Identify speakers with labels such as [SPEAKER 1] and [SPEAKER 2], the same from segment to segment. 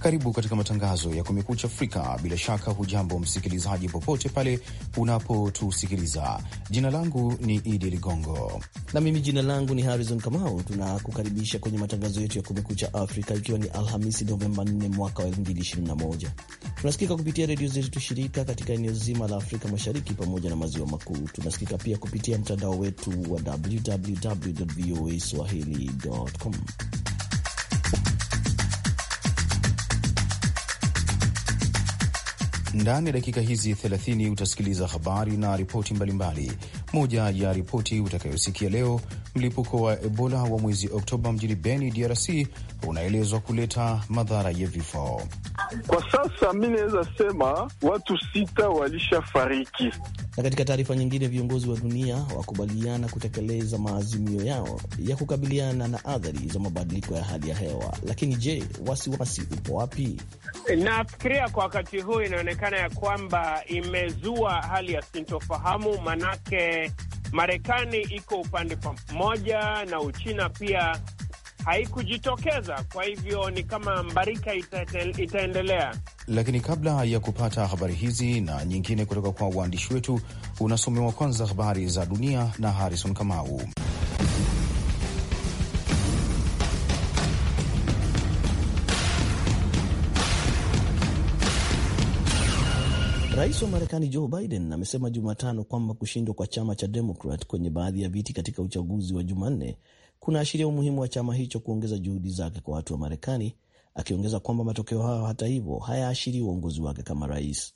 [SPEAKER 1] Karibu katika matangazo ya Kumekucha Afrika. Bila shaka, hujambo msikilizaji,
[SPEAKER 2] popote pale unapotusikiliza. Jina langu ni Idi Ligongo na mimi jina langu ni Harrison Kamau. Tunakukaribisha kwenye matangazo yetu ya Kumekucha Afrika, ikiwa ni Alhamisi Novemba 4 mwaka wa 2021. Tunasikika kupitia redio zetu shirika katika eneo zima la Afrika Mashariki pamoja na maziwa makuu. Tunasikika pia kupitia mtandao wetu wa www voa swahili.com. Ndani ya dakika hizi
[SPEAKER 1] 30 utasikiliza habari na ripoti mbalimbali. Moja ya ripoti utakayosikia leo, mlipuko wa Ebola wa mwezi Oktoba mjini Beni, DRC unaelezwa kuleta
[SPEAKER 2] madhara ya vifo.
[SPEAKER 3] Kwa sasa mi naweza sema watu sita walishafariki.
[SPEAKER 2] Na katika taarifa nyingine, viongozi wa dunia wakubaliana kutekeleza maazimio yao ya kukabiliana na athari za mabadiliko ya hali ya hewa. Lakini je, wasiwasi upo wapi?
[SPEAKER 4] Nafikiria kwa wakati huu inaonekana ya kwamba imezua hali ya sintofahamu, manake Marekani iko upande mmoja na Uchina pia haikujitokeza. Kwa hivyo ni kama mbarika itaendelea.
[SPEAKER 1] Lakini kabla ya kupata habari hizi na nyingine kutoka kwa waandishi wetu, unasomewa kwanza habari za dunia na Harrison Kamau.
[SPEAKER 2] Rais wa Marekani Joe Biden amesema Jumatano kwamba kushindwa kwa chama cha Demokrat kwenye baadhi ya viti katika uchaguzi wa Jumanne kunaashiria umuhimu wa chama hicho kuongeza juhudi zake kwa watu wa Marekani, akiongeza kwamba matokeo hayo hata hivyo hayaashirii uongozi wake kama rais.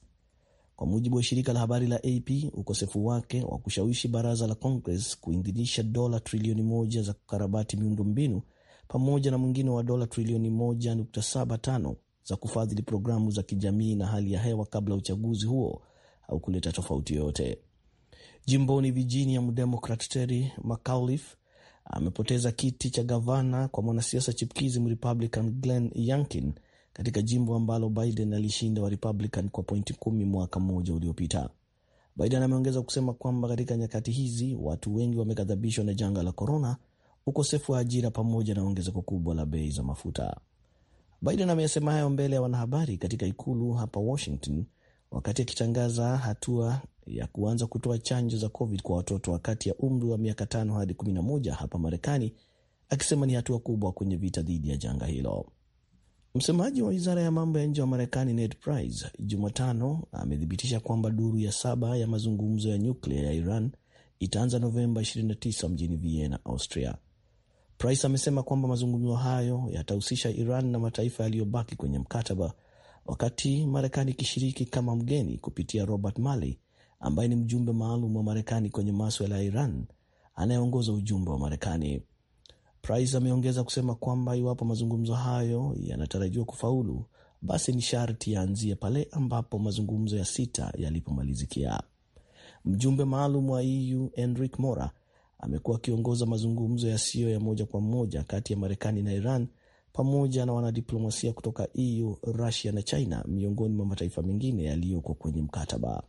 [SPEAKER 2] Kwa mujibu wa shirika la habari la AP, ukosefu wake wa kushawishi baraza la Congress kuidhinisha dola trilioni moja za kukarabati miundo mbinu pamoja na mwingine wa dola trilioni 1.75 za kufadhili programu za kijamii na hali ya hewa kabla uchaguzi huo au kuleta tofauti yoyote. Jimboni Virginia, mdemokrat Terry McAuliffe amepoteza kiti cha gavana kwa mwanasiasa chipkizi Mrepublican Glenn Youngkin katika jimbo ambalo Biden alishinda wa Republican kwa pointi kumi mwaka mmoja uliopita. Biden ameongeza kusema kwamba katika nyakati hizi watu wengi wamekadhabishwa na janga la korona, ukosefu wa ajira, pamoja na ongezeko kubwa la bei za mafuta. Biden ameyasema hayo mbele ya wanahabari katika ikulu hapa Washington wakati akitangaza hatua ya kuanza kutoa chanjo za COVID kwa watoto wakati ya umri wa miaka tano hadi 11 hapa Marekani, akisema ni hatua kubwa kwenye vita dhidi ya janga hilo. Msemaji wa wizara ya mambo ya nje wa Marekani Ned Price Jumatano amethibitisha kwamba duru ya saba ya mazungumzo ya nyuklia ya Iran itaanza Novemba 29 mjini Vienna, Austria. Price amesema kwamba mazungumzo hayo yatahusisha Iran na mataifa yaliyobaki kwenye mkataba, wakati Marekani ikishiriki kama mgeni kupitia Robert Malley, ambaye ni mjumbe maalum wa Marekani kwenye maswala ya Iran anayeongoza ujumbe wa Marekani. Price ameongeza kusema kwamba iwapo mazungumzo hayo yanatarajiwa kufaulu, basi ni sharti yaanzie pale ambapo mazungumzo ya sita yalipomalizikia. Mjumbe maalum wa EU Enrique Mora amekuwa akiongoza mazungumzo yasiyo ya moja kwa moja kati ya Marekani na Iran pamoja na wanadiplomasia kutoka EU, Rusia na China, miongoni mwa mataifa mengine yaliyoko kwenye mkataba.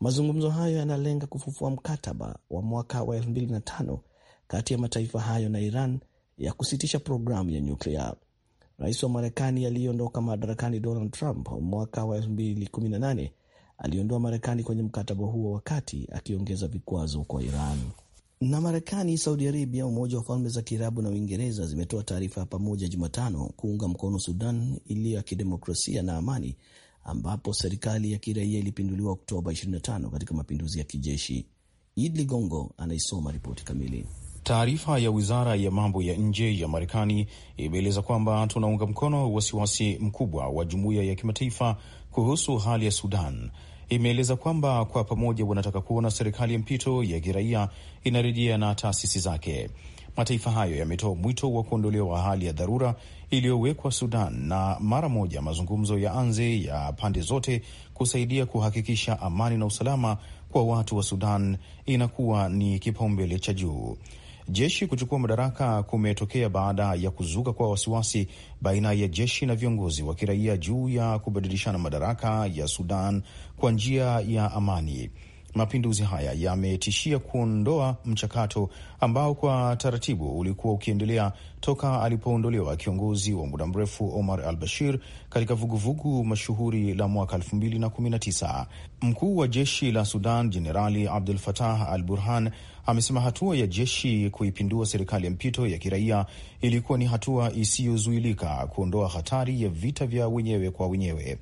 [SPEAKER 2] Mazungumzo hayo yanalenga kufufua mkataba wa mwaka wa 2005 kati ya mataifa hayo na Iran ya kusitisha programu ya nyuklia. Rais wa Marekani aliyeondoka madarakani Donald Trump mwaka wa 2018 aliondoa Marekani kwenye mkataba huo wakati akiongeza vikwazo kwa Iran. Na Marekani, Saudi Arabia, Umoja wa Falme za Kiarabu na Uingereza zimetoa taarifa ya pamoja Jumatano kuunga mkono Sudan iliyo ya kidemokrasia na amani ambapo serikali ya kiraia ilipinduliwa Oktoba 25 katika mapinduzi ya kijeshi. Id Ligongo anaisoma ripoti kamili.
[SPEAKER 1] Taarifa ya wizara ya mambo ya nje ya Marekani imeeleza kwamba tunaunga mkono wasiwasi mkubwa wa jumuiya ya kimataifa kuhusu hali ya Sudan. Imeeleza kwamba kwa pamoja wanataka kuona serikali ya mpito ya kiraia inarejea na taasisi zake. Mataifa hayo yametoa mwito wa kuondolewa hali ya dharura iliyowekwa Sudan na mara moja mazungumzo ya anze ya pande zote kusaidia kuhakikisha amani na usalama kwa watu wa Sudan inakuwa ni kipaumbele cha juu. Jeshi kuchukua madaraka kumetokea baada ya kuzuka kwa wasiwasi baina ya jeshi na viongozi wa kiraia juu ya kubadilishana madaraka ya Sudan kwa njia ya amani. Mapinduzi haya yametishia kuondoa mchakato ambao kwa taratibu ulikuwa ukiendelea toka alipoondolewa kiongozi wa muda mrefu Omar al Bashir katika vuguvugu mashuhuri la mwaka 2019. Mkuu wa jeshi la Sudan Jenerali Abdul Fatah al Burhan amesema hatua ya jeshi kuipindua serikali ya mpito ya kiraia ilikuwa ni hatua isiyozuilika kuondoa hatari ya vita vya wenyewe kwa wenyewe.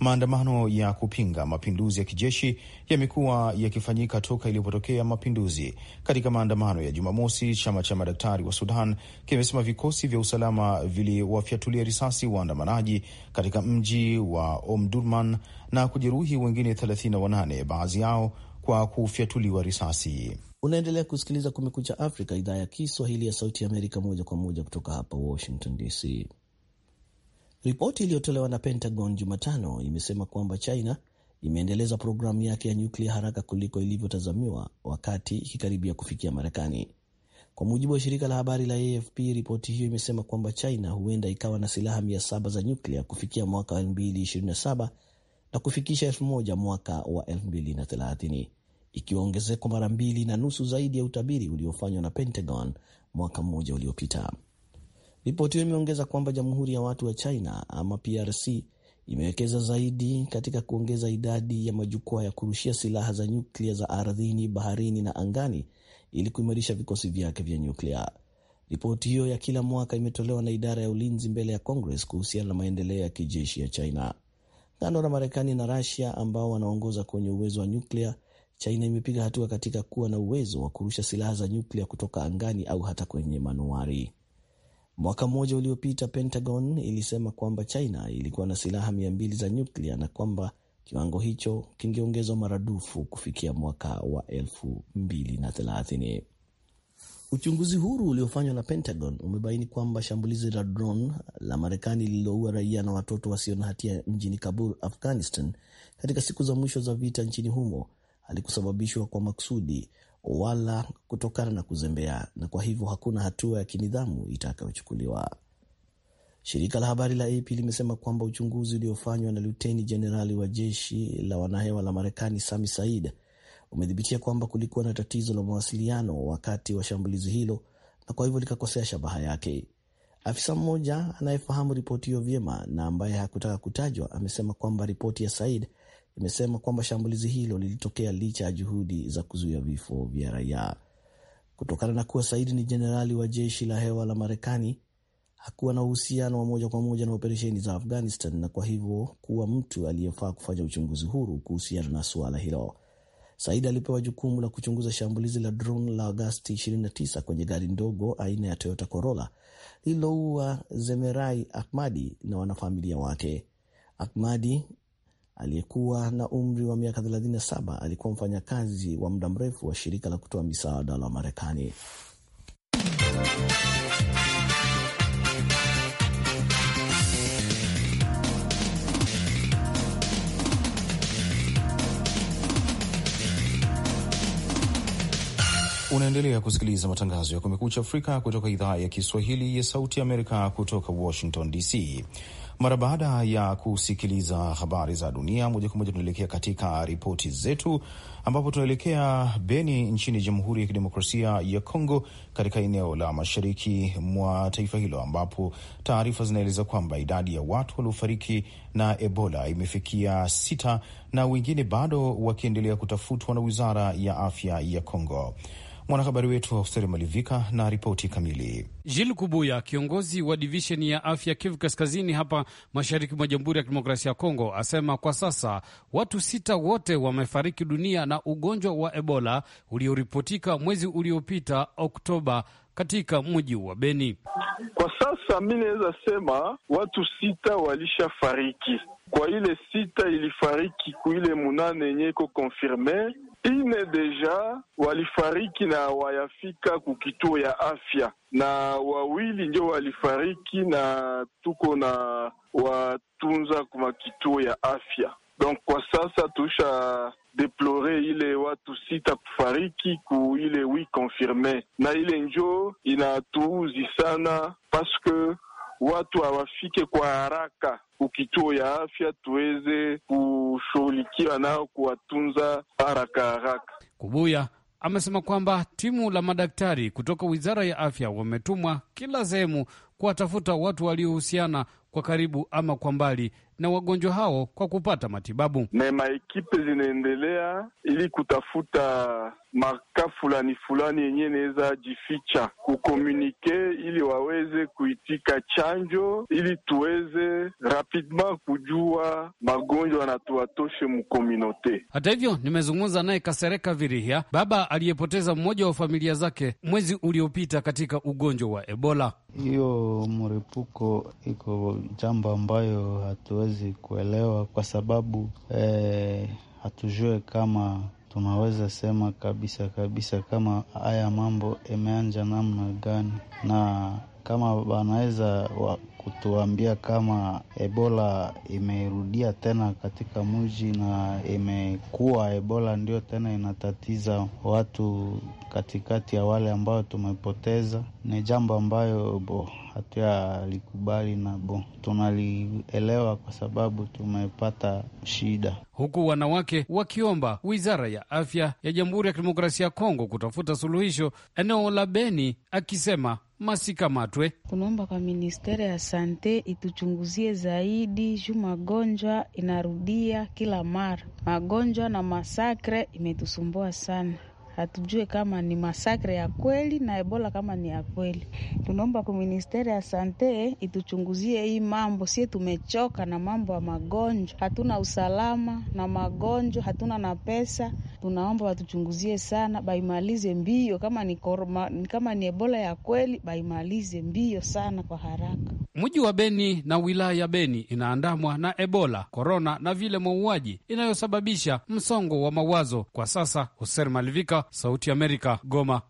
[SPEAKER 1] Maandamano ya kupinga mapinduzi ya kijeshi yamekuwa yakifanyika toka ilipotokea mapinduzi. Katika maandamano ya Jumamosi, chama cha madaktari wa Sudan kimesema vikosi vya usalama viliwafyatulia risasi waandamanaji katika mji wa Omdurman na kujeruhi wengine
[SPEAKER 2] 38 baadhi yao kwa kufyatuliwa risasi. Unaendelea kusikiliza Kumekucha Afrika, idhaa ya Kiswahili ya Sauti ya Amerika, moja kwa moja kutoka hapa Washington DC. Ripoti iliyotolewa na Pentagon Jumatano imesema kwamba China imeendeleza programu yake ya nyuklia haraka kuliko ilivyotazamiwa wakati ikikaribia kufikia Marekani. Kwa mujibu wa shirika la habari la AFP, ripoti hiyo imesema kwamba China huenda ikawa na silaha saba za nyuklia kufikia mwaka wa 2027 na kufikisha moja mwaka wa 2030, ikiwa ongezeko mara mbili na nusu zaidi ya utabiri uliofanywa na Pentagon mwaka mmoja uliopita. Ripoti hiyo imeongeza kwamba Jamhuri ya Watu wa China ama PRC imewekeza zaidi katika kuongeza idadi ya majukwaa ya kurushia silaha za nyuklia za ardhini, baharini na angani ili kuimarisha vikosi vyake vya nyuklia. Ripoti hiyo ya kila mwaka imetolewa na idara ya ulinzi mbele ya Congress kuhusiana na maendeleo ya kijeshi ya China. Kando na Marekani na rasia ambao wanaongoza kwenye uwezo wa nyuklia, China imepiga hatua katika kuwa na uwezo wa kurusha silaha za nyuklia kutoka angani au hata kwenye manuari. Mwaka mmoja uliopita, Pentagon ilisema kwamba China ilikuwa na silaha mia mbili za nyuklia na kwamba kiwango hicho kingeongezwa maradufu kufikia mwaka wa thelathini. Uchunguzi huru uliofanywa na Pentagon umebaini kwamba shambulizi la drone la Marekani lililoua raia na watoto wasio na hatia mjini Kabul, Afghanistan, katika siku za mwisho za vita nchini humo halikusababishwa kwa makusudi, wala kutokana na kuzembea, na kwa hivyo hakuna hatua ya kinidhamu itakayochukuliwa. Shirika la habari la AP limesema kwamba uchunguzi uliofanywa na luteni jenerali wa jeshi la wanahewa la Marekani Sami Said umethibitia kwamba kulikuwa na tatizo la mawasiliano wakati wa shambulizi hilo na kwa hivyo likakosea shabaha yake. Afisa mmoja anayefahamu ripoti hiyo vyema na ambaye hakutaka kutajwa amesema kwamba ripoti ya Said imesema kwamba shambulizi hilo lilitokea licha ya juhudi za kuzuia vifo vya raia. Kutokana na kuwa Saidi ni jenerali wa jeshi la hewa la Marekani, hakuwa na uhusiano wa moja kwa moja na operesheni za Afghanistan na kwa hivyo kuwa mtu aliyefaa kufanya uchunguzi huru kuhusiana na suala hilo. Said alipewa jukumu la kuchunguza shambulizi la drone la Agasti 29 kwenye gari ndogo aina ya Toyota Corolla lililoua Zemerai Ahmadi na wanafamilia wake. Ahmadi aliyekuwa na umri wa miaka 37 alikuwa mfanyakazi wa muda mrefu wa shirika la kutoa misaada la Marekani.
[SPEAKER 1] Unaendelea kusikiliza matangazo ya Kumekucha Afrika kutoka idhaa ya Kiswahili ya Sauti Amerika kutoka Washington DC. Mara baada ya kusikiliza habari za dunia moja kwa moja, tunaelekea katika ripoti zetu, ambapo tunaelekea Beni nchini Jamhuri ya Kidemokrasia ya Kongo, katika eneo la mashariki mwa taifa hilo, ambapo taarifa zinaeleza kwamba idadi ya watu waliofariki na Ebola imefikia sita na wengine bado wakiendelea kutafutwa na Wizara ya Afya ya Kongo. Mwanahabari wetu Hosteri Malivika na ripoti kamili.
[SPEAKER 5] Jil Kubuya, kiongozi wa divisheni ya afya Kivu Kaskazini hapa mashariki mwa Jamhuri ya Kidemokrasia ya Kongo, asema kwa sasa watu sita wote wamefariki dunia na ugonjwa wa Ebola ulioripotika mwezi uliopita Oktoba katika mji wa Beni.
[SPEAKER 3] Kwa sasa mi naweza sema watu sita walishafariki kwa ile sita ilifariki kuile munane yenye iko konfirme ine deja walifariki na wayafika kukituo ya afya, na wawili ndio walifariki na tuko na watunza kuma kituo ya afya. Donc kwa sasa tusha deplore ile watu sita kufariki ku ile wi confirme, na ile njoo inatuuzi sana paske watu hawafike kwa haraka kukituo ya afya tuweze kushughulikiwa nao kuwatunza haraka haraka.
[SPEAKER 5] Kubuya amesema kwamba timu la madaktari kutoka wizara ya afya wametumwa kila sehemu kuwatafuta watu waliohusiana kwa karibu ama kwa mbali na wagonjwa hao kwa kupata matibabu. Na
[SPEAKER 3] maekipe zinaendelea ili kutafuta maka fulani fulani yenye inaweza jificha kukomunike, ili waweze kuitika chanjo, ili tuweze rapidma kujua magonjwa na tuwatoshe mkominote.
[SPEAKER 5] Hata hivyo, nimezungumza naye Kasereka Virihia, baba aliyepoteza mmoja wa familia zake mwezi uliopita katika ugonjwa wa Ebola. Hiyo mrepuko iko
[SPEAKER 1] jambo ambayo hatuwezi hatuwezi kuelewa kwa sababu eh, hatujue kama tunaweza sema kabisa kabisa kama haya mambo imeanja namna gani, na kama wanaweza kutuambia kama Ebola imerudia tena katika mji na imekuwa Ebola ndio tena inatatiza watu katikati ya wale ambao tumepoteza, ni jambo ambayo bo hatuyalikubali na bo, tunalielewa kwa sababu tumepata shida,
[SPEAKER 5] huku wanawake wakiomba wizara ya afya ya Jamhuri ya Kidemokrasia ya Kongo kutafuta suluhisho eneo la Beni, akisema Masika Matwe, tunaomba kwa ministeri ya sante ituchunguzie zaidi juu magonjwa inarudia kila mara. Magonjwa na masakre imetusumbua sana hatujue kama ni masakre ya kweli na ebola kama ni ya kweli. Tunaomba ku ministeri ya sante ituchunguzie hii mambo. Sie tumechoka na mambo ya magonjwa, hatuna usalama na magonjwa, hatuna na pesa. Tunaomba watuchunguzie sana, baimalize mbio. Kama ni korma, kama ni ebola ya kweli, baimalize mbio sana kwa haraka. Mji wa Beni na wilaya ya Beni inaandamwa na ebola, korona na vile mauaji inayosababisha msongo wa mawazo kwa sasa. Hoser Malivika, Sauti Amerika, Goma.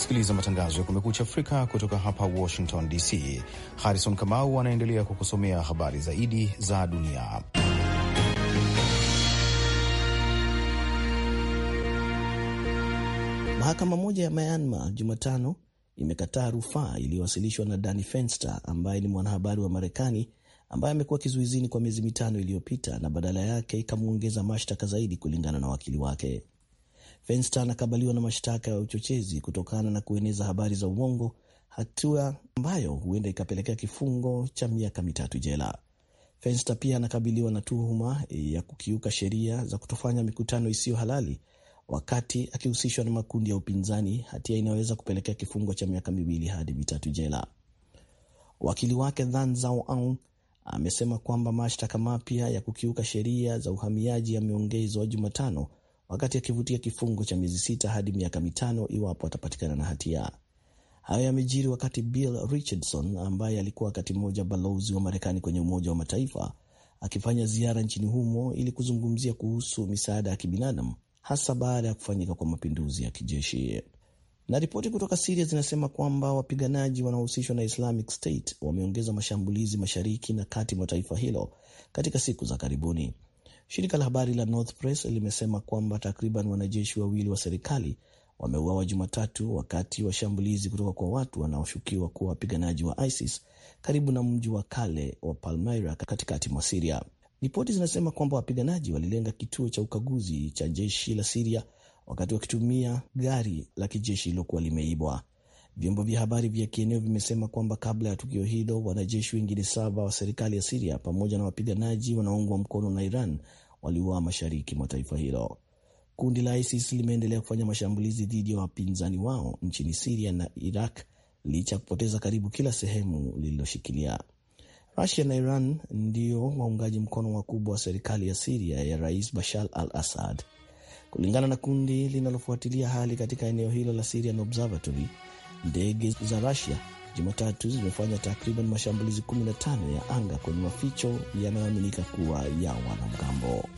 [SPEAKER 1] unasikiliza matangazo ya Kumekucha Afrika kutoka hapa Washington DC. Harrison Kamau anaendelea kukusomea habari zaidi za dunia.
[SPEAKER 2] Mahakama moja ya Myanmar Jumatano imekataa rufaa iliyowasilishwa na dani Fenster ambaye ni mwanahabari wa Marekani ambaye amekuwa kizuizini kwa miezi mitano iliyopita na badala yake ikamwongeza mashtaka zaidi kulingana na wakili wake. Fenster anakabiliwa na mashtaka ya uchochezi kutokana na kueneza habari za uongo, hatua ambayo huenda ikapelekea kifungo cha miaka mitatu jela. Fenster pia anakabiliwa na tuhuma eh, ya kukiuka sheria za kutofanya mikutano isiyo halali wakati akihusishwa na makundi ya upinzani, hatia inayoweza kupelekea kifungo cha miaka miwili hadi mitatu jela. Wakili wake Than Zaw Aung amesema kwamba mashtaka mapya ya kukiuka sheria za uhamiaji yameongezwa Jumatano wakati akivutia kifungo cha miezi sita hadi miaka mitano iwapo atapatikana na hatia. Hayo yamejiri wakati Bill Richardson ambaye alikuwa wakati mmoja balozi wa Marekani kwenye Umoja wa Mataifa akifanya ziara nchini humo ili kuzungumzia kuhusu misaada ya kibinadamu hasa baada ya kufanyika kwa mapinduzi ya kijeshi. Na ripoti kutoka Siria zinasema kwamba wapiganaji wanaohusishwa na Islamic State wameongeza mashambulizi mashariki na kati mwa taifa hilo katika siku za karibuni. Shirika la habari la North Press limesema kwamba takriban wanajeshi wawili wa serikali wameuawa Jumatatu wakati wa shambulizi kutoka kwa watu wanaoshukiwa kuwa wapiganaji wa ISIS karibu na mji wa kale wa Palmyra katikati mwa Siria. Ripoti zinasema kwamba wapiganaji walilenga kituo cha ukaguzi cha jeshi la Siria wakati wakitumia gari la kijeshi lilokuwa limeibwa. Vyombo vya habari vya kieneo vimesema kwamba kabla ya tukio hilo wanajeshi wengine saba wa serikali ya Siria pamoja na wapiganaji wanaoungwa mkono na Iran waliuawa mashariki mwa taifa hilo. Kundi la ISIS limeendelea kufanya mashambulizi dhidi ya wapinzani wao nchini Siria na Iraq licha ya kupoteza karibu kila sehemu lililoshikilia. Rusia na Iran ndio waungaji mkono wakubwa wa serikali ya Siria ya Rais Bashar al Assad, kulingana na kundi linalofuatilia hali katika eneo hilo la Syrian Observatory. Ndege za Rusia Jumatatu zimefanya takriban mashambulizi 15 ya anga kwenye maficho yanayoaminika kuwa ya wanamgambo.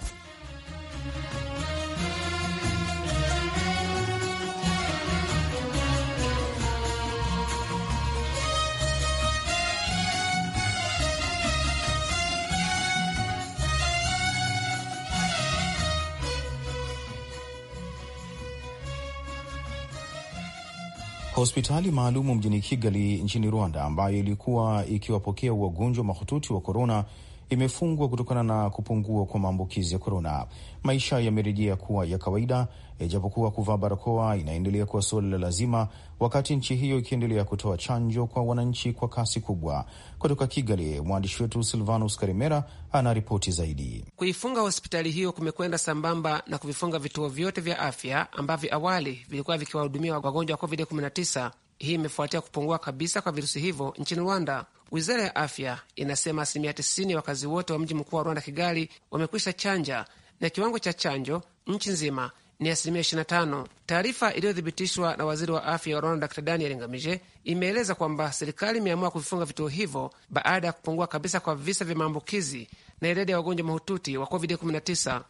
[SPEAKER 1] Hospitali maalumu mjini Kigali nchini Rwanda, ambayo ilikuwa ikiwapokea wagonjwa mahututi wa korona imefungwa kutokana na kupungua kwa maambukizi ya korona. Maisha yamerejea kuwa ya kawaida, ijapokuwa eh, kuvaa barakoa inaendelea kuwa suala la lazima, wakati nchi hiyo ikiendelea kutoa chanjo kwa wananchi kwa kasi kubwa. Kutoka Kigali, mwandishi wetu Silvanus Karimera anaripoti zaidi.
[SPEAKER 6] Kuifunga hospitali hiyo kumekwenda sambamba na kuvifunga vituo vyote vya afya ambavyo awali vilikuwa vikiwahudumia wagonjwa wa COVID-19. Hii imefuatia kupungua kabisa kwa virusi hivyo nchini Rwanda. Wizara ya afya inasema asilimia 90 ya wakazi wote wa mji mkuu wa Rwanda, Kigali, wamekwisha chanja na kiwango cha chanjo nchi nzima ni asilimia 25. Taarifa iliyothibitishwa na waziri wa afya wa Rwanda, Dr Daniel Ngamije, imeeleza kwamba serikali imeamua kuvifunga vituo hivyo baada ya kupungua kabisa kwa visa vya maambukizi na idadi ya wagonjwa mahututi wa COVID-19.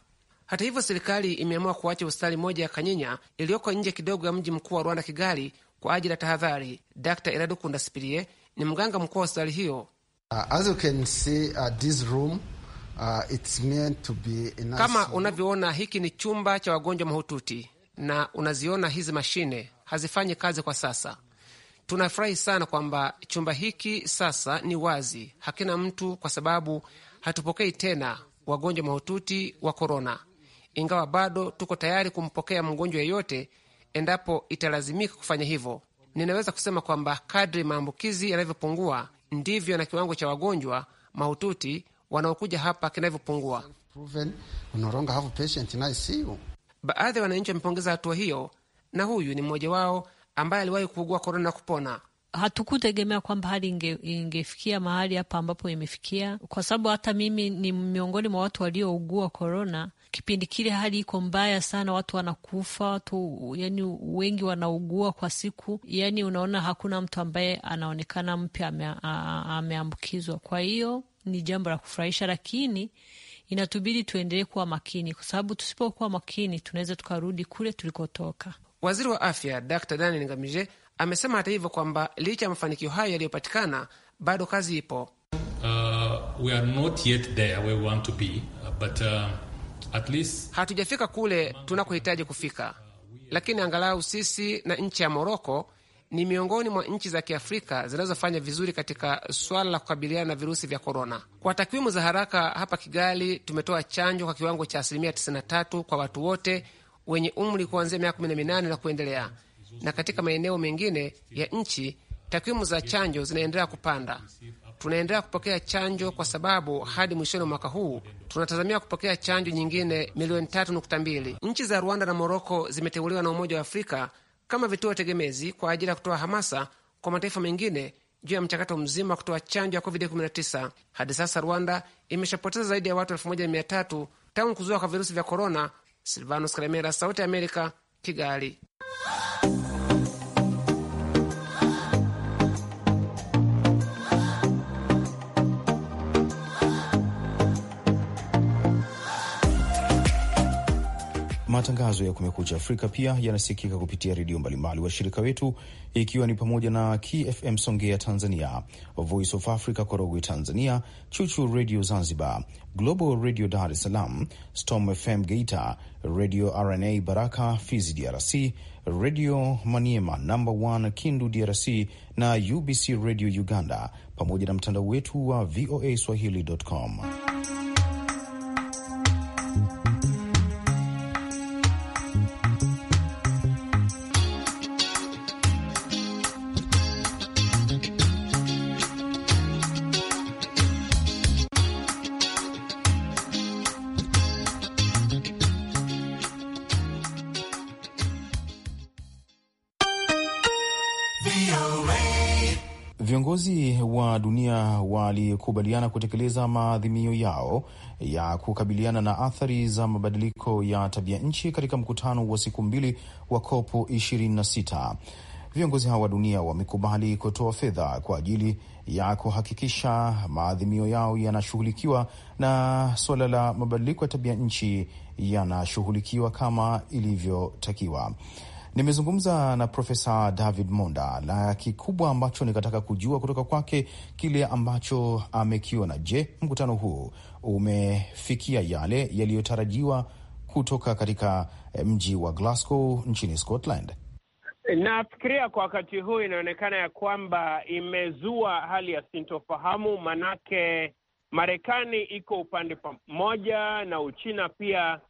[SPEAKER 6] Hata hivyo, serikali imeamua kuacha hospitali moja ya Kanyinya iliyoko nje kidogo ya mji mkuu wa Rwanda, Kigali, kwa ajili ya tahadhari. Dr Iradukunda ni mganga mkuu wa hospitali hiyo. Uh, uh, uh, Kama unavyoona, hiki ni chumba cha wagonjwa mahututi, na unaziona hizi mashine hazifanyi kazi kwa sasa. Tunafurahi sana kwamba chumba hiki sasa ni wazi, hakina mtu, kwa sababu hatupokei tena wagonjwa mahututi wa korona, ingawa bado tuko tayari kumpokea mgonjwa yeyote endapo italazimika kufanya hivyo ninaweza kusema kwamba kadri maambukizi yanavyopungua ndivyo na kiwango cha wagonjwa mahututi wanaokuja hapa kinavyopungua. Baadhi ya wananchi wamepongeza hatua hiyo, na huyu ni mmoja wao ambaye aliwahi kuugua korona kupona hatukutegemea kwamba hali inge, ingefikia mahali hapa ambapo imefikia, kwa sababu hata mimi ni miongoni mwa watu waliougua korona. Kipindi kile hali iko mbaya sana, watu wanakufa, watu yani wengi wanaugua kwa siku, yani unaona hakuna mtu ambaye anaonekana mpya ameambukizwa. Kwa hiyo ni jambo la kufurahisha, lakini inatubidi tuendelee kuwa makini, kwa sababu tusipokuwa makini tunaweza tukarudi kule tulikotoka. Waziri wa Afya Dr. Daniel Ngamije Amesema hata hivyo kwamba licha ya mafanikio hayo yaliyopatikana, bado kazi ipo. Hatujafika kule tunakohitaji kufika, lakini angalau sisi na nchi ya Moroko ni miongoni mwa nchi za Kiafrika zinazofanya vizuri katika swala la kukabiliana na virusi vya korona. Kwa takwimu za haraka, hapa Kigali tumetoa chanjo kwa kiwango cha asilimia 93 kwa watu wote wenye umri kuanzia miaka 18 na kuendelea na katika maeneo mengine ya nchi takwimu za chanjo zinaendelea kupanda. Tunaendelea kupokea chanjo kwa sababu hadi mwishoni mwaka huu tunatazamia kupokea chanjo nyingine milioni tatu nukta mbili. Nchi za Rwanda na Moroko zimeteuliwa na Umoja wa Afrika kama vituo tegemezi kwa ajili ya kutoa hamasa kwa mataifa mengine juu ya mchakato mzima wa kutoa chanjo ya COVID-19. Hadi sasa Rwanda imeshapoteza zaidi ya watu elfu moja mia tatu tangu kuzua kwa virusi vya korona. Silvanus Kalemera, Sauti ya Amerika, Kigali.
[SPEAKER 1] Matangazo ya Kumekucha Afrika pia yanasikika kupitia redio mbalimbali washirika wetu, ikiwa ni pamoja na KFM Songea Tanzania, Voice of Africa Korogwe Tanzania, Chuchu Redio Zanzibar, Global Radio Dar es Salaam, Storm FM Geita, radio RNA Baraka Fizi DRC, Redio Maniema namba 1 Kindu DRC na UBC radio Uganda, pamoja na mtandao wetu wa VOA Swahili.com. Viongozi wa dunia walikubaliana kutekeleza maadhimio yao ya kukabiliana na athari za mabadiliko ya tabia nchi katika mkutano wa siku mbili wa COP 26. Viongozi hao wa dunia wamekubali kutoa fedha kwa ajili ya kuhakikisha maadhimio yao yanashughulikiwa na suala la mabadiliko ya tabia nchi yanashughulikiwa kama ilivyotakiwa. Nimezungumza na Profesa David Monda na kikubwa ambacho nikataka kujua kutoka kwake kile ambacho amekiona. Je, mkutano huu umefikia yale yaliyotarajiwa kutoka katika eh, mji wa Glasgow nchini Scotland?
[SPEAKER 4] Nafikiria kwa wakati huu inaonekana ya kwamba imezua hali ya sintofahamu, manake Marekani iko upande pamoja na Uchina pia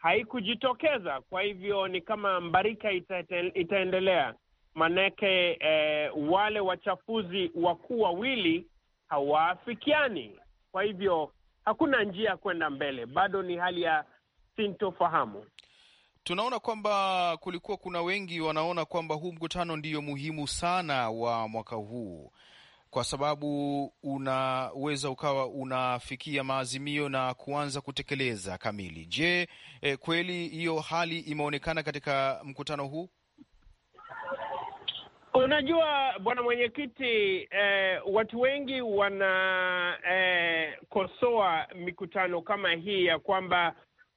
[SPEAKER 4] haikujitokeza. Kwa hivyo ni kama mbarika ita, itaendelea manake eh, wale wachafuzi wakuu wawili hawaafikiani. Kwa hivyo hakuna njia ya kwenda mbele, bado ni hali ya sintofahamu. Tunaona kwamba kulikuwa kuna wengi wanaona kwamba
[SPEAKER 1] huu mkutano ndiyo muhimu sana wa mwaka huu kwa sababu unaweza ukawa unafikia maazimio na kuanza kutekeleza kamili. Je, eh, kweli hiyo hali imeonekana katika mkutano huu?
[SPEAKER 4] Unajua bwana mwenyekiti, eh, watu wengi wanakosoa eh, mikutano kama hii ya kwamba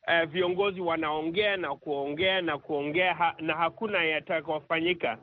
[SPEAKER 4] eh, viongozi wanaongea na kuongea na kuongea ha, na hakuna yatakayofanyika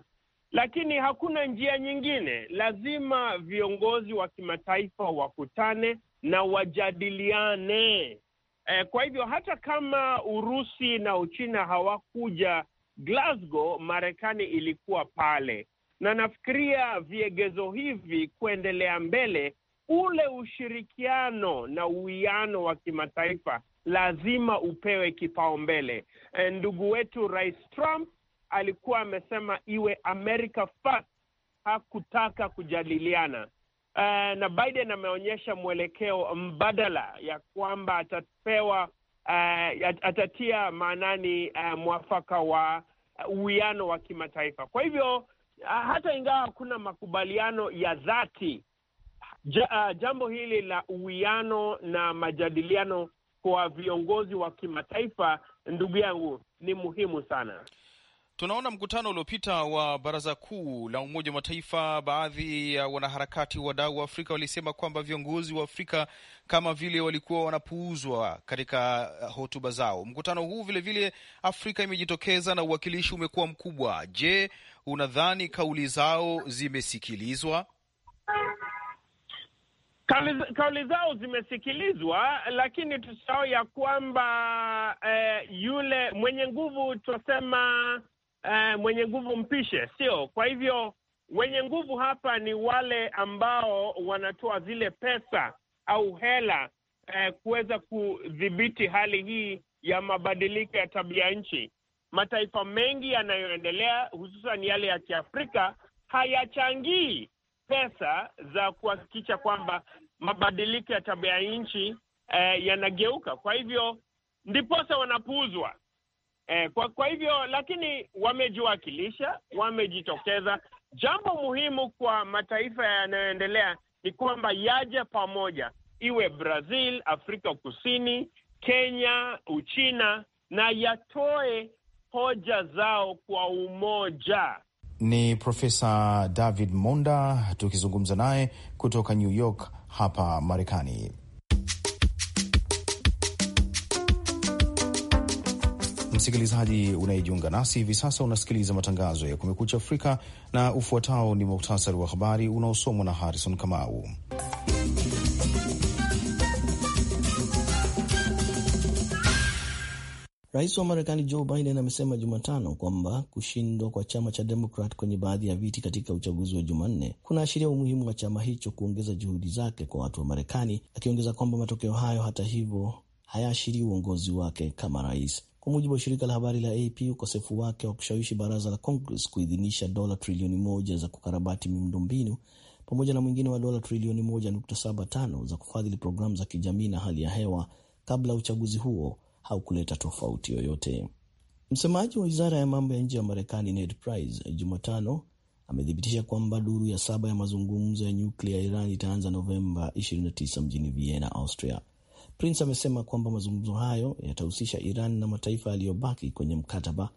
[SPEAKER 4] lakini hakuna njia nyingine. Lazima viongozi wa kimataifa wakutane na wajadiliane. E, kwa hivyo hata kama Urusi na Uchina hawakuja Glasgow, Marekani ilikuwa pale, na nafikiria viegezo hivi kuendelea mbele, ule ushirikiano na uwiano wa kimataifa lazima upewe kipaumbele. E, ndugu wetu Rais Trump alikuwa amesema iwe America first, hakutaka kujadiliana. Uh, na Biden ameonyesha mwelekeo mbadala ya kwamba atapewa uh, atatia maanani uh, mwafaka wa uwiano wa kimataifa. Kwa hivyo uh, hata ingawa hakuna makubaliano ya dhati ja, uh, jambo hili la uwiano na majadiliano kwa viongozi wa kimataifa, ndugu yangu, ni muhimu sana.
[SPEAKER 1] Tunaona mkutano uliopita wa Baraza Kuu la Umoja wa Mataifa, baadhi ya wanaharakati wadau wa Afrika walisema kwamba viongozi wa Afrika kama vile walikuwa wanapuuzwa katika uh, hotuba zao. Mkutano huu vilevile vile Afrika imejitokeza na uwakilishi umekuwa mkubwa. Je, unadhani kauli zao zimesikilizwa?
[SPEAKER 4] Kauli, kauli zao zimesikilizwa, lakini tusahau ya kwamba eh, yule mwenye nguvu tunasema eh, mwenye nguvu mpishe, sio? Kwa hivyo wenye nguvu hapa ni wale ambao wanatoa zile pesa au hela eh, kuweza kudhibiti hali hii ya mabadiliko ya tabia nchi. Mataifa mengi yanayoendelea hususan yale ya Kiafrika hayachangii pesa za kuhakikisha kwamba mabadiliko ya tabia nchi eh, yanageuka. Kwa hivyo ndiposa wanapuuzwa eh, kwa, kwa hivyo lakini wamejiwakilisha, wamejitokeza. Jambo muhimu kwa mataifa yanayoendelea ni kwamba yaje pamoja, iwe Brazil, Afrika Kusini, Kenya, Uchina, na yatoe hoja zao kwa umoja.
[SPEAKER 1] Ni Profesa David Monda tukizungumza naye kutoka New York hapa Marekani. Msikilizaji unayejiunga nasi hivi sasa, unasikiliza matangazo ya Kumekucha Afrika na ufuatao ni muhtasari wa habari unaosomwa na Harrison Kamau.
[SPEAKER 2] Rais wa Marekani Joe Biden amesema Jumatano kwamba kushindwa kwa chama cha Demokrat kwenye baadhi ya viti katika uchaguzi wa Jumanne kunaashiria umuhimu wa chama hicho kuongeza juhudi zake kwa watu wa Marekani, akiongeza kwamba matokeo hayo hata hivyo hayaashirii uongozi wake kama rais. Kwa mujibu wa shirika la habari la AP, ukosefu wake wa kushawishi baraza la Congress kuidhinisha dola trilioni moja za kukarabati miundombinu pamoja na mwingine wa dola trilioni 1.75 za kufadhili programu za kijamii na hali ya hewa kabla uchaguzi huo haukuleta tofauti yoyote. Msemaji wa wizara ya mambo ya nje ya Marekani Ned Price Jumatano amethibitisha kwamba duru ya saba ya mazungumzo ya nyuklia ya Iran itaanza Novemba 29 mjini Vienna, Austria. Prince amesema kwamba mazungumzo hayo yatahusisha Iran na mataifa yaliyobaki kwenye mkataba,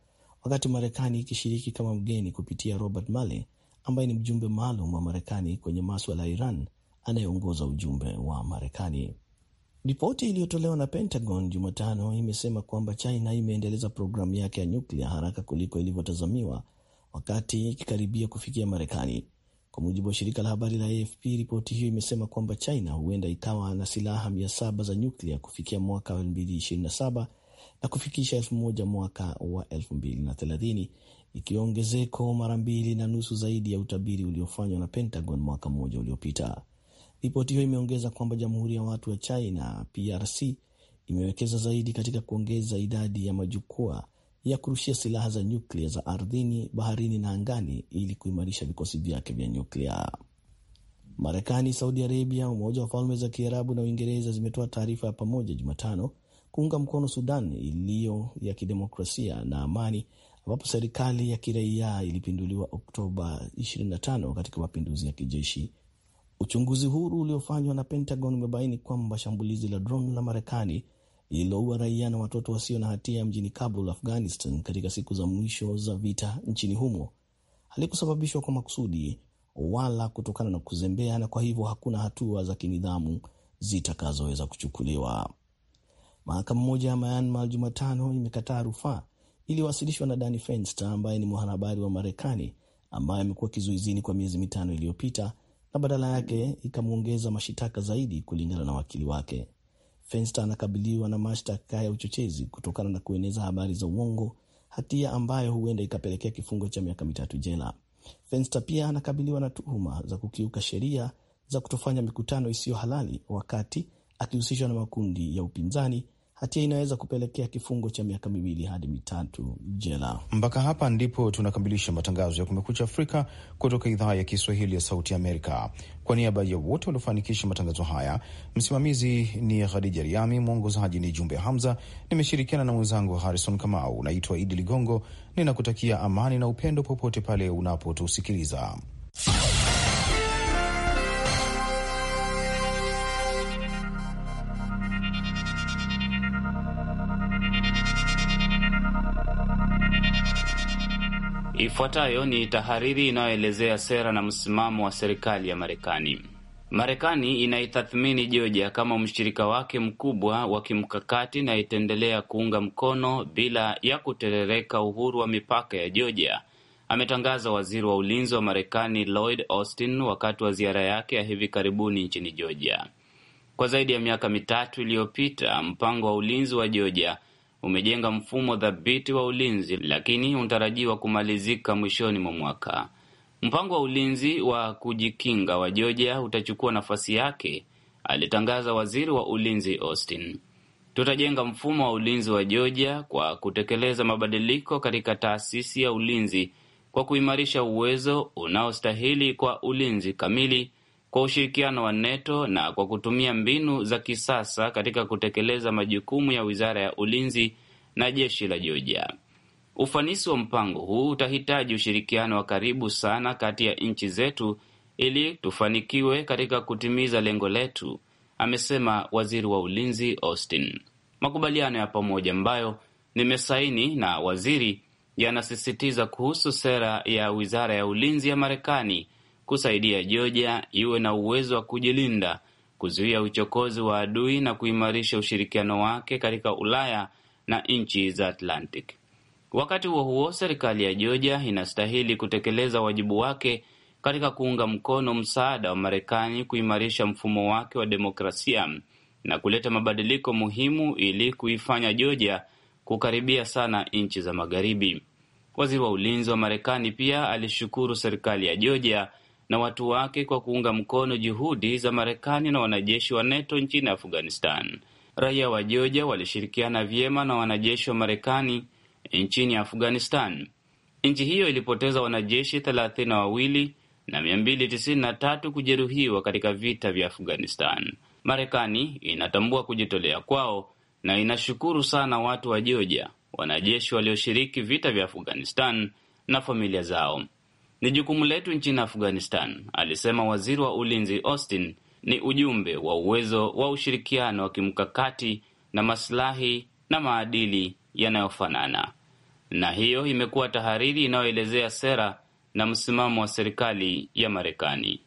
[SPEAKER 2] wakati Marekani ikishiriki kama mgeni kupitia Robert Malley ambaye ni mjumbe maalum wa Marekani kwenye maswala ya Iran anayeongoza ujumbe wa Marekani. Ripoti iliyotolewa na Pentagon Jumatano imesema kwamba China imeendeleza programu yake ya nyuklia haraka kuliko ilivyotazamiwa wakati ikikaribia kufikia Marekani. Kwa mujibu wa shirika la habari la AFP, ripoti hiyo imesema kwamba China huenda ikawa na silaha saba za nyuklia kufikia mwaka 2027 na kufikisha moja mwaka wa 2030, ikiwa ongezeko mara mbili na nusu zaidi ya utabiri uliofanywa na Pentagon mwaka mmoja uliopita. Ripoti hiyo imeongeza kwamba Jamhuri ya Watu wa China PRC imewekeza zaidi katika kuongeza idadi ya majukwaa ya kurushia silaha za nyuklia za ardhini, baharini na angani ili kuimarisha vikosi vyake vya nyuklia. Marekani, Saudi Arabia, Umoja wa Falme za Kiarabu na Uingereza zimetoa taarifa ya pamoja Jumatano kuunga mkono Sudan iliyo ya kidemokrasia na amani, ambapo serikali ya kiraia ilipinduliwa Oktoba 25 katika mapinduzi ya kijeshi. Uchunguzi huru uliofanywa na Pentagon umebaini kwamba shambulizi la drone la Marekani lililoua raia na watoto wasio na hatia mjini Kabul, Afghanistan, katika siku za mwisho za vita nchini humo halikusababishwa kwa makusudi wala kutokana na kuzembea, na kwa hivyo hakuna hatua za kinidhamu zitakazoweza kuchukuliwa. Mahakama moja ya Myanmar Jumatano imekataa rufaa iliyowasilishwa na Dani Fenster ambaye ni mwanahabari wa Marekani ambaye amekuwa kizuizini kwa miezi mitano iliyopita na badala yake ikamwongeza mashitaka zaidi kulingana na wakili wake. Fenster anakabiliwa na mashtaka ya uchochezi kutokana na kueneza habari za uongo, hatia ambayo huenda ikapelekea kifungo cha miaka mitatu jela. Fenster pia anakabiliwa na tuhuma za kukiuka sheria za kutofanya mikutano isiyo halali wakati akihusishwa na makundi ya upinzani hatia inaweza kupelekea kifungo cha miaka miwili hadi mitatu jela.
[SPEAKER 1] Mpaka hapa ndipo tunakamilisha matangazo ya Kumekucha Afrika kutoka idhaa ya Kiswahili ya Sauti Amerika. Kwa niaba ya wote waliofanikisha matangazo haya, msimamizi ni Khadija Riami, mwongozaji ni Jumbe Hamza. Nimeshirikiana na mwenzangu Harrison Kamau. Naitwa Idi Ligongo, ninakutakia amani na upendo popote pale unapotusikiliza.
[SPEAKER 7] Ifuatayo ni tahariri inayoelezea sera na msimamo wa serikali ya Marekani. Marekani inaitathmini Georgia kama mshirika wake mkubwa wa kimkakati na itaendelea kuunga mkono bila ya kuterereka uhuru wa mipaka ya Georgia, ametangaza waziri wa ulinzi wa Marekani Lloyd Austin wakati wa ziara yake ya hivi karibuni nchini Georgia. Kwa zaidi ya miaka mitatu iliyopita, mpango wa ulinzi wa Georgia umejenga mfumo dhabiti wa ulinzi, lakini unatarajiwa kumalizika mwishoni mwa mwaka. Mpango wa ulinzi wa kujikinga wa Georgia utachukua nafasi yake, alitangaza waziri wa ulinzi Austin. Tutajenga mfumo wa ulinzi wa Georgia kwa kutekeleza mabadiliko katika taasisi ya ulinzi kwa kuimarisha uwezo unaostahili kwa ulinzi kamili kwa ushirikiano wa NATO na kwa kutumia mbinu za kisasa katika kutekeleza majukumu ya wizara ya ulinzi na jeshi la Georgia. Ufanisi wa mpango huu utahitaji ushirikiano wa karibu sana kati ya nchi zetu ili tufanikiwe katika kutimiza lengo letu, amesema waziri wa ulinzi Austin. Makubaliano ya pamoja ambayo nimesaini na waziri yanasisitiza kuhusu sera ya wizara ya ulinzi ya Marekani kusaidia Georgia iwe na uwezo wa kujilinda, kuzuia uchokozi wa adui na kuimarisha ushirikiano wake katika Ulaya na nchi za Atlantic. Wakati huo huo, serikali ya Georgia inastahili kutekeleza wajibu wake katika kuunga mkono msaada wa Marekani kuimarisha mfumo wake wa demokrasia na kuleta mabadiliko muhimu ili kuifanya Georgia kukaribia sana nchi za Magharibi. Waziri wa ulinzi wa Marekani pia alishukuru serikali ya Georgia na watu wake kwa kuunga mkono juhudi za Marekani na wanajeshi wa NATO nchini Afghanistan. Raia wa Georgia walishirikiana vyema na wanajeshi wa Marekani nchini Afghanistan. Nchi hiyo ilipoteza wanajeshi thelathini na wawili na mia mbili tisini na tatu kujeruhiwa katika vita vya Afghanistan. Marekani inatambua kujitolea kwao na inashukuru sana watu wa Georgia, wanajeshi walioshiriki vita vya Afghanistan na familia zao. Ni jukumu letu nchini Afghanistan, alisema waziri wa ulinzi Austin. Ni ujumbe wa uwezo wa ushirikiano wa kimkakati na masilahi na maadili yanayofanana. Na hiyo imekuwa tahariri inayoelezea sera na msimamo wa serikali ya Marekani.